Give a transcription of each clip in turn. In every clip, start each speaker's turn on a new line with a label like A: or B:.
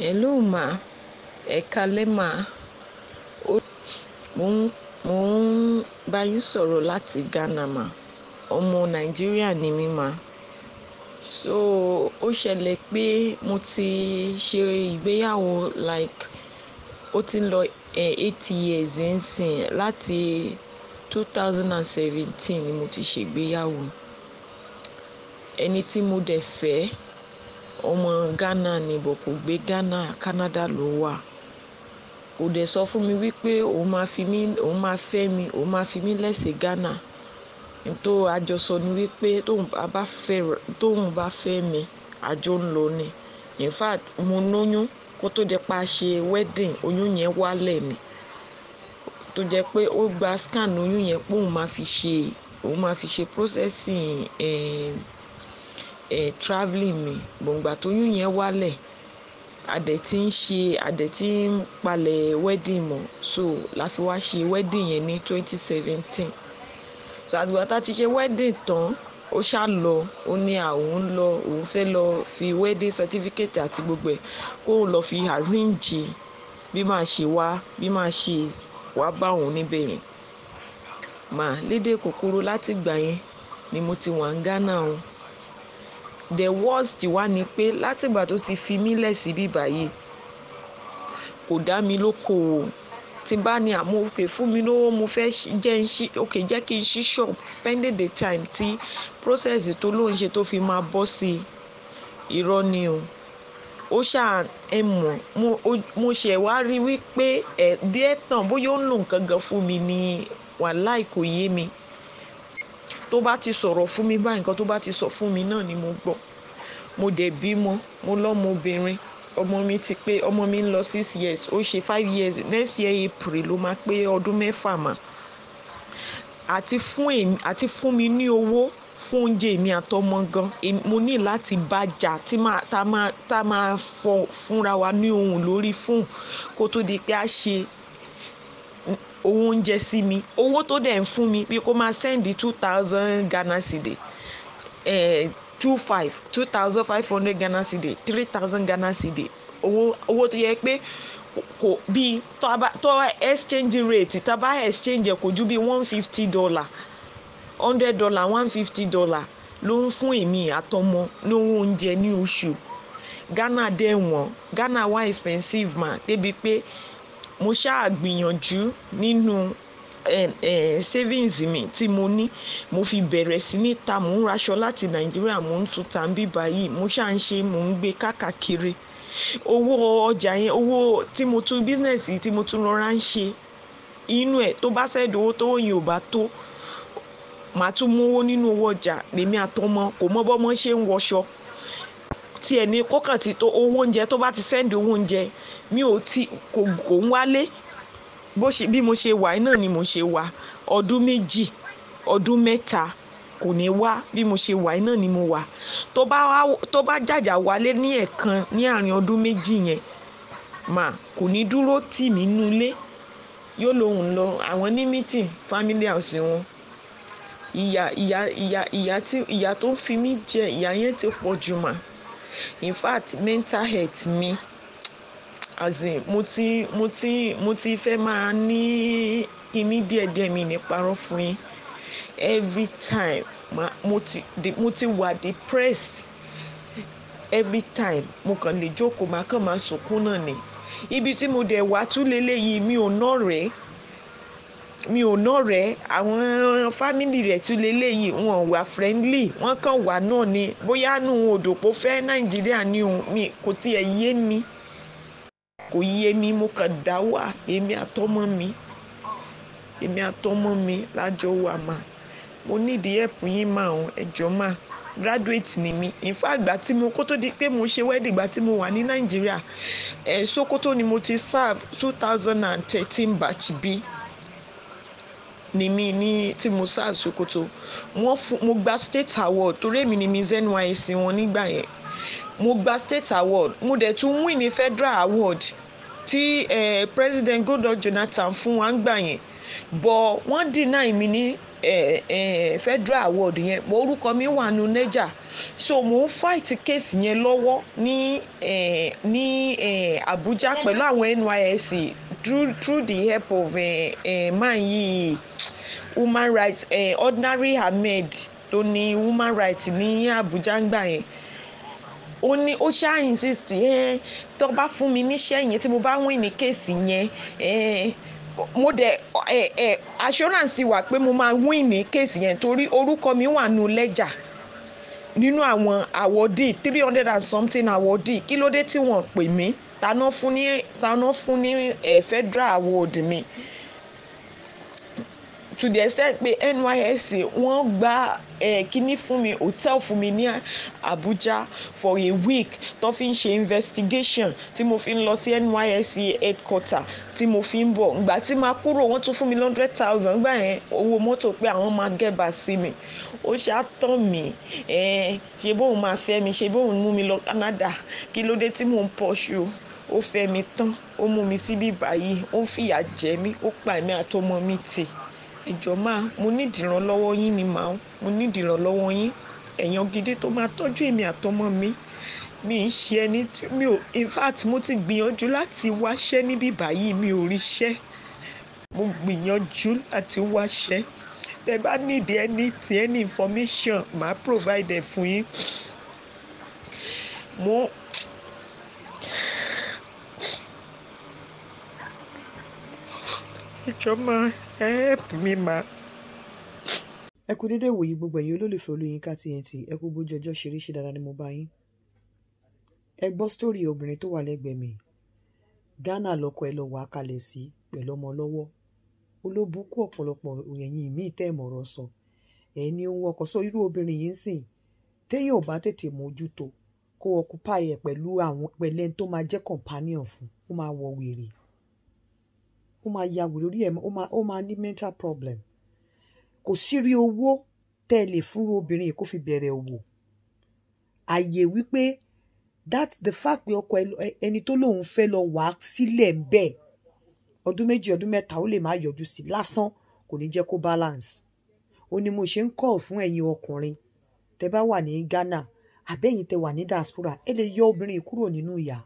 A: hello ma ẹ kalẹ́ ma mo ń bá yín sọ̀rọ̀ láti Ghana ma ọmọ Nàìjíríà ni mí ma so ó ṣẹlẹ̀ pé mo ti ṣe ìgbéyàwó like ó ti lọ eight years nsìn láti two thousand and seventeen ni mo ti ṣègbéyàwó ẹni tí mo dẹ̀ fẹ́ ọmọ Ghana ni bọ̀ kò gbé Ghana Canada ló wà kò dẹ̀ sọ fún mi wípé òun máa fi mí òun máa fẹ́ mi òun máa fi mí lẹ́sẹ̀ Ghana tó àjọsọ ni wípé tóun bá fẹ́ tóun bá fẹ́ mi àjọ ń lọ ni in mo lóyún kó tó jẹ́ pa ṣe wedding oyún yẹn wálẹ̀ ni tó jẹ́ pé ó gba scan oyún yẹn pé òun máa fi ṣe òun máa fi ṣe processing eh, eh, travelling mi gbòǹgbà tóyún yẹn wálẹ̀ adẹ̀ tí ń ṣe adẹ̀ tí ń palẹ̀ wedding mọ́ so la fi wá ṣe wedding yẹn ní twenty seventeen so àtìgbà tá a ti ṣe wedding tán ó ṣá lọ ó ní àwọn lọ òun fẹ́ lọ fi wedding certificate àti gbogbo ẹ̀ kóun lọ fi arrange bí máa ṣe wá bí máa ṣe wá bá òun níbẹ̀ yẹn mà lédè kòkòrò láti gbà yẹn ni mo ti wà ń Ghana o the worst wá ni pé látìgbà tó ti fi mí lẹ̀ síbí báyìí kò dá mi lókòwò tí bá ní àmọ́ òkè fún mi lówó mo fẹ́ jẹ́ ń ṣí òkè jẹ́ kí n ṣí shop pending the time tí process tó ló ń ṣe tó fi máa bọ́ sí i irọ́ ni o ó ṣáà ẹ mọ̀ mo ṣe wá rí wípé ẹ̀ bí ẹ̀ tàn bóyá ó ń lo nǹkan gan fún mi ni wàhálà kò yé mi tó bá ti sọ̀rọ̀ fún mi báyìí nǹkan tó bá ti sọ fún mi náà ni mo gbọ́ mo dẹ̀ bímọ mo lọ́mọbìnrin ọmọ mi ti pé ọmọ mi ń lọ six years ó ṣe five years next year April ló máa pé ọdún mẹ́fà mà àti fún èmi àti fún mi ní owó fún oúnjẹ èmi àtọmọ gan mo ní láti bá jà tí tá máa fúnra wa ní ohun lórí fún kó tó di pé a ṣe owó oúnjẹ sí mi owó tó dẹ̀ ń fún mi bí kò máa sẹ́ndì two thousand Ghana cedi eh, two five two thousand five hundred Ghana cedi three thousand Ghana cedi owó owó tó yẹ pé kò bíi tó exchange rate tá a bá exchange ẹ̀ kò ju bíi one fifty dollar hundred dollar one fifty dollar ló ń fún èmi àtọmọ lówó oúnjẹ ní oṣù Ghana dẹ̀ wọ́n Ghana wá expensive mà débi pé mo ṣáà gbìyànjú nínú savings mi tí mo ní mo fi bẹ̀rẹ̀ sí ní ta mò ń raṣọ láti nàìjíríà mò ń tún ta bí báyìí mo ṣáà ń ṣe mò ń gbé káàkiri owó ọjà yẹn owó tí mo tún business yìí tí mo tún rọra ń ṣe inú ẹ̀ tó bá sẹ́ẹ̀dì owó tó yìn ò bá tó màá tún mówó nínú owó ọjà lèmi àtọmọ kò mọ bọ́mọ ṣe ń wọṣọ tiẹ̀ ní kókàn ti tó owó oúnjẹ tó bá ti sẹ́ndì owó oúnjẹ mi ò ti kò kò ń wálé bó ṣe bí mo ṣe wà iná ni mo ṣe wà ọdún méjì ọdún mẹ́ta kò ní wá bí mo ṣe wà iná ni mo wà tó bá tó bá jàjà wálé ní ẹ̀ẹ̀kan ní àárín ọdún méjì yẹn mà kò ní dúró tì mí nulé yóò lòun lọ àwọn ní meeting family house wọn ìyà ìyà ìyà ìyà tí ìyà tó ń fi mí jẹ ìyà yẹn ti pọ̀ jù mà in fact mental health mi as in mo ti mo ti mo ti fẹ́ máa ní kíní díẹ̀díẹ̀ mi ní parọ́ fún yín every time ma, mo ti de, mo ti wà depressed every time mo kàn lè jókòó máa kàn máa sunkún náà ni ibi tí mo dẹ̀ wá tún lélẹ́yìí mi ò nọ̀rẹ́ mi ò ná rẹ̀ àwọn fámìlì rẹ̀ tún leléyìí wọn wà friendly wọ́n kàn wà náà ni bóyá nù òdòpó fẹ́ nàìjíríà ni òun mi kò tiẹ̀ yé mi kò yé mi mo kàn dá wà èmi àtọmọ mi èmi àtọmọ mi lájọ wà mà mo nídìí ẹ̀pù yín mà ọ́n ẹ̀jọ̀ mà graduate ni mi ìfá àgbà tí mo kó tó di pé mo ṣe wedding ìgbà tí mo wà ní nàìjíríà ẹ̀ Sókótó ni mo ti serve two thousand and thirteen batch b ni mí ní tí mo sá Sokoto wọ́n mo gba state award torí èmi ni miss NYSC wọn nígbà yẹn mo gba state award mo dẹ̀ tún win ní federal award Ti eh, president Goodluck Jonathan fún wa ń gbà yẹn bọ̀ wọ́n deny mi ní eh, eh, federal award yẹn mo orúkọ mi wà nù NEJA so mo ń fight case yẹn lọ́wọ́ ní eh, ní eh, Abuja pẹ̀lú àwọn NYSC through through the help of uh, uh, man yìí human rights uh, ordinary ahmed tó ní human rights ní abuja ń gbà yẹn ó ní ó ṣáà insist yẹn tó bá fún mi níṣẹ́ yẹn tí mo bá win ní kéèsì yẹn mo dẹ̀ ẹ ẹ assurance wà pé mo máa win ní kéèsì yẹn torí orúkọ mi wà nù lẹ́jà nínú àwọn àwọ̀dì three hundred and something àwọ̀dì kí ló dé tí wọ́n pè mí taná fún ní taná fún ní ẹ̀ federal award mi to the extent pé NYSC wọ́n gba eh, kíní fún mi hotel fún mi ní Abuja for a week tó fi ń ṣe investigation tí mo fi ń lọ sí NYSC headquarter tí mo fi ń bọ̀ ìgbà tí máa kúrò wọ́n tún fún mi hundred thousand gbà yẹn owó mọ́tò pé àwọn máa gẹ́bà sí mi ó ṣàtàn mí ṣe bóun máa fẹ́ mi ṣe bóun mú mi lọ Canada kí ló dé tí mò ń pọ̀ ṣù ó fẹ́ mi tán ó mú mi síbí báyìí ó ń fìyà jẹ mí ó pa èmi àtọmọ mi tì ìjọ máa mo nídìí ìrànlọ́wọ́ yín ni màá mo nídìí ìrànlọ́wọ́ yín èèyàn gidi tó máa tọ́jú èmi àtọmọ mi mi ń ṣe ẹni tí mi ò in fact mo ti gbìyànjú láti wáṣẹ́ níbí báyìí mi ò ríṣẹ́ mo gbìyànjú láti wáṣẹ́ tẹ bá need anything any information màá provide ẹ fún yín mo ẹjọ́ máa ẹ help me ma. ẹ kú dédé
B: wòye gbogbo ẹ̀yin olólùfẹ́ olóyinka TNT ẹ kú bójú ọjọ́ ṣeréṣe dáadáa ni mo bá yín. ẹ gbọ́ sítórì obìnrin tó wà lẹ́gbẹ̀ẹ́ mi Ghana lọkọ ẹ lọ wà á kalẹ̀ sí pẹ̀lú ọmọ lọ́wọ́ olóbùkún ọ̀pọ̀lọpọ̀ ẹ̀yìn míì tẹ́ ìmọ̀ràn sọ ẹ̀ ní ohun ọkọ̀ sọ irú obìnrin yìí ń sìn téèyàn ò bá tètè mójútó kó occupy ẹ̀ pẹ̀lú àwọn pẹ̀lẹ́ni tó máa jẹ́ companion fún ó máa wọ wèrè ó máa ya wò lórí ẹ̀ ó máa ó máa ní mental problem kò sírí owó tẹ́ ẹ lè fún obìnrin yìí kó fi bẹ̀rẹ̀ òwò àyè wípé that the fact pé ọkọ ẹni tó lóun fẹ́ lọ wá sílẹ̀ bẹ́ẹ̀ ọdún méjì ọdún mẹ́ta ó lè má yọjú sí lásán kò ní jẹ́ kó balance ó ní mo ṣe ń call fún ẹ̀yin ọkùnrin tẹ́ bá wà ní Ghana àbẹ́yìn tẹ́ wà ní diaspora ẹ lè yọ obìnrin kúrò nínú ìyà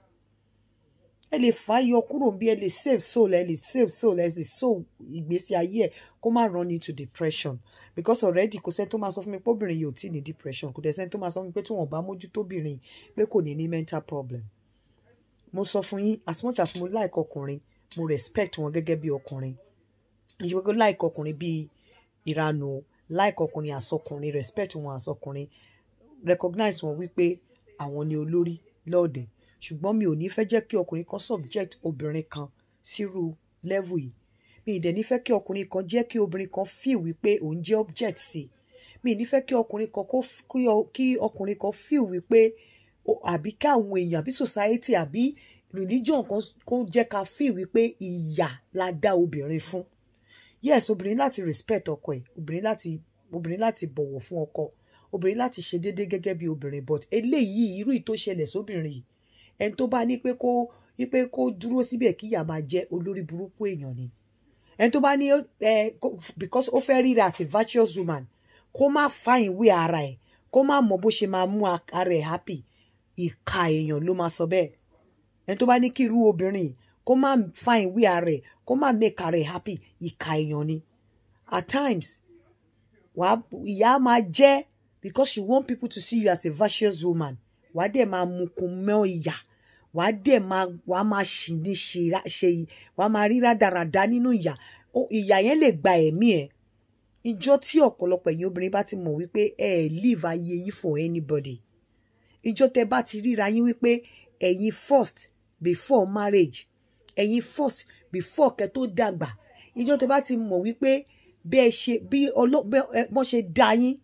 B: ẹ lè fà á yọ kúrò bí ẹ lè save soul ẹ lè save soul ẹ lè soul ìgbésí ayé ẹ kó má run into depression because already kò sẹ́ni tó máa sọ fún mi pé obìnrin yìí ò tí ní depression kò dẹ̀ sẹ́ni tó máa sọ fún mi pé tí wọ́n bá mójútó obìnrin pé kò ní ní mental problem mo sọ fún yín as much as mo like ọkùnrin mo respect wọn gẹ́gẹ́ bí ọkùnrin ìṣe pé like ọkùnrin bí ìranù like ọkùnrin àsọkùnrin respect wọn àsọkùnrin recognize wọn wípé àwọn ni olórí lọ́ọ̀dẹ̀ ṣùgbọ́n mi ò ní fẹ́ jẹ́ kí ọkùnrin kan subject obìnrin kan sírú level yìí mi ì dẹ̀ ní fẹ́ kí ọkùnrin kan jẹ́ kí obìnrin kan feel wípé òun jẹ́ object sí mi ì ní fẹ́ kí ọkùnrin kan kí ọkùnrin kan feel wípé àbí káwọn èèyàn àbí society àbí religion kan kó jẹ́ ká feel wípé ìyà la dá obìnrin fún yes obìnrin láti respect ọkọ ẹ̀ obìnrin láti obìnrin láti bọ̀wọ̀ fún ọkọ obìnrin láti ṣe déédéé gẹ́gẹ́ bí obìnrin but eléyìí irú ìtó ṣẹlẹ̀ sóbìnrin yìí ẹni tó bá ní pé kó ní pé kó dúró síbẹ̀ kí ìyà máa jẹ olórí burúkú èèyàn ni ẹni tó bá ní ẹ because ó fẹ́ ríra as a virtuous woman kó má fa ìwé ara ẹ̀ kó má mọ bó ṣe máa mú ara ẹ̀ happy ìka èèyàn ló máa sọ bẹ́ẹ̀ ẹni tó bá ní kí irú obìnrin kó má fa ìwé ara ẹ̀ kó má make ara ẹ̀ happy ìka èèyàn ni at times wàá ìyá máa jẹ́ because you want people to see you as a virtuous woman wàá dẹ̀ máa mú kó mọ́ ìyà wà á dẹ̀ máa wà á máa ṣì ní ṣe wà á máa rí rádaràda nínú ìyà ìyà yẹn lè gba ẹ̀mí ẹ̀ ìjọ tí ọ̀pọ̀lọpọ̀ ẹ̀yin obìnrin bá ti mọ̀ wípé ẹ ẹ̀ live ayé yín for anybody ìjọ tẹ bá ti ríra yín wípé ẹ̀yin first before marriage ẹ̀yin first before kẹ́ tó dàgbà ìjọ tẹ bá ti mọ̀ wípé bẹ́ẹ̀ ṣe bí ọlọ́bọ́n ṣe dá yín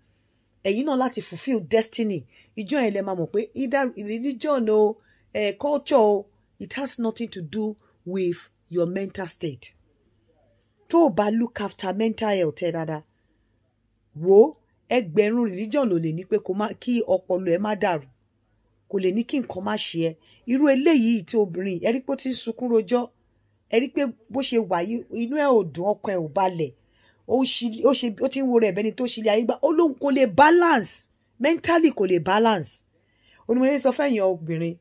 B: ẹ̀yin náà láti fulfil destiny ìjọ yẹn lẹ máa mọ̀ pé either religion o uh, culture it has nothing to do with your mental state To o bá look after mental health ẹ dáadáa wo ẹgbẹ̀rún religion ló lè ní pé kí ọpọlọ ẹ má dàrú kò lè ní kí nǹkan má ṣe ẹ irú eléyìí tí obìnrin ẹ rí pé ó ti ń sunkún rojọ́ ẹ rí pé bó ṣe wà yìí inú ẹ ò dùn ọkàn ẹ ò balẹ̀ ó ti ń wo rẹ̀ bẹ́ni tó ṣílẹ̀ balance mentally kò lè balance onímọ̀ yẹn sọ fẹ́yìn obìnrin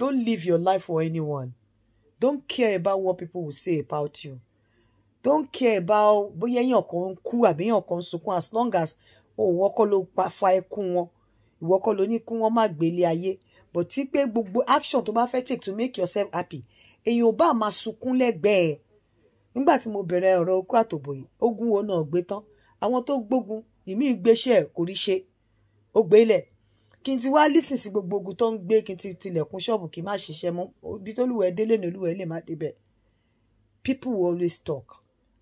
B: Don't live your life for anyone. Don't care about what people will say about you. Don't care about bóyá èèyàn kan ń kú àbí èèyàn kan ń sunkún as long as òwò oh, kọ́ ló fa ẹkún wọn ìwọ kọ́ ló ní kí wọ́n má gbélé ayé but tí pé gbogbo action tó bá fẹ́ take to make yourself happy èèyàn ò ba máa sunkún lẹ́gbẹ̀ẹ́ nígbà tí mo bẹ̀rẹ̀ ọ̀rọ̀ okú àtòbò yìí ogun wo náà gbé tán àwọn tó gbógun ìmí gbéṣẹ́ kò rí ṣe ó gbélẹ̀ kí n ti wá lísìn sí gbogbo ogun tó ń gbé kí n ti tilẹ̀kùn ṣọ́ọ̀bù kí n má ṣiṣẹ́ mọ́ ibi tó lùwẹ̀ délé ní olúwẹ̀ lè má débẹ̀ people will always talk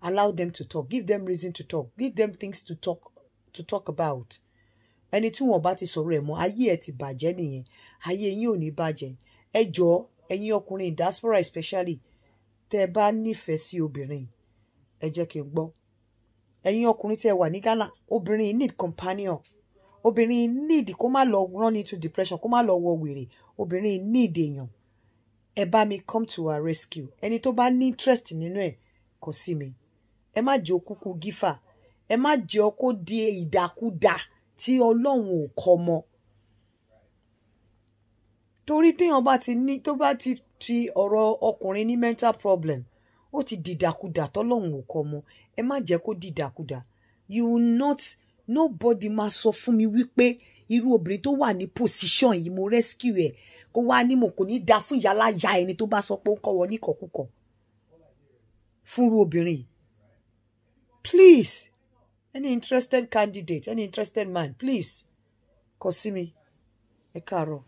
B: allow them to talk give them reason to talk give them things to talk to talk about ẹni tí wọn bá ti sọ̀rọ̀ ẹ̀ mọ́ ayé ẹ̀ ti bàjẹ́ nìyẹn ayé yín ò ní bàjẹ́ ẹ jọ̀ọ́ ẹ̀yin ọkùnrin diaspora especially tẹ́ ẹ bá nífẹ̀ẹ́ sí obìnrin ẹ jẹ́ kí n gbọ́ ẹ̀yin ọkùnrin tẹ́ wà ní Ghana obìnrin need companion obìnrin need kó má lọ run into depression kó má lọ wọ wèrè obìnrin need èèyàn ẹ bá mi come to our rescue ẹni tó bá ní interest nínú ẹ kọ sí mi ẹ má jẹ́ òkúkú gífà ẹ má jẹ́ ọkọ di ìdàkúdà tí Ọlọ́run ò kọ mọ torí téèyàn bá ti ní tó bá ti ti ọ̀rọ̀ ọkùnrin ní mental problem ó ti dìdàkudà tọ́lọ́run ò kọ mọ ẹ má jẹ́ kó dìdàkudà you will not nobody máa sọ fún mi wípé irú obìnrin tó wà ní position yìí mo rescue ẹ̀ kó wá ní mo kò ní da fún ìyálà ya ẹni tó bá sọ pé ó ń kọ́ wọ níkọ̀kúkọ̀ fúnru obìnrin please any interested candidate any interested man please kọ sí mi ẹ káàárọ̀.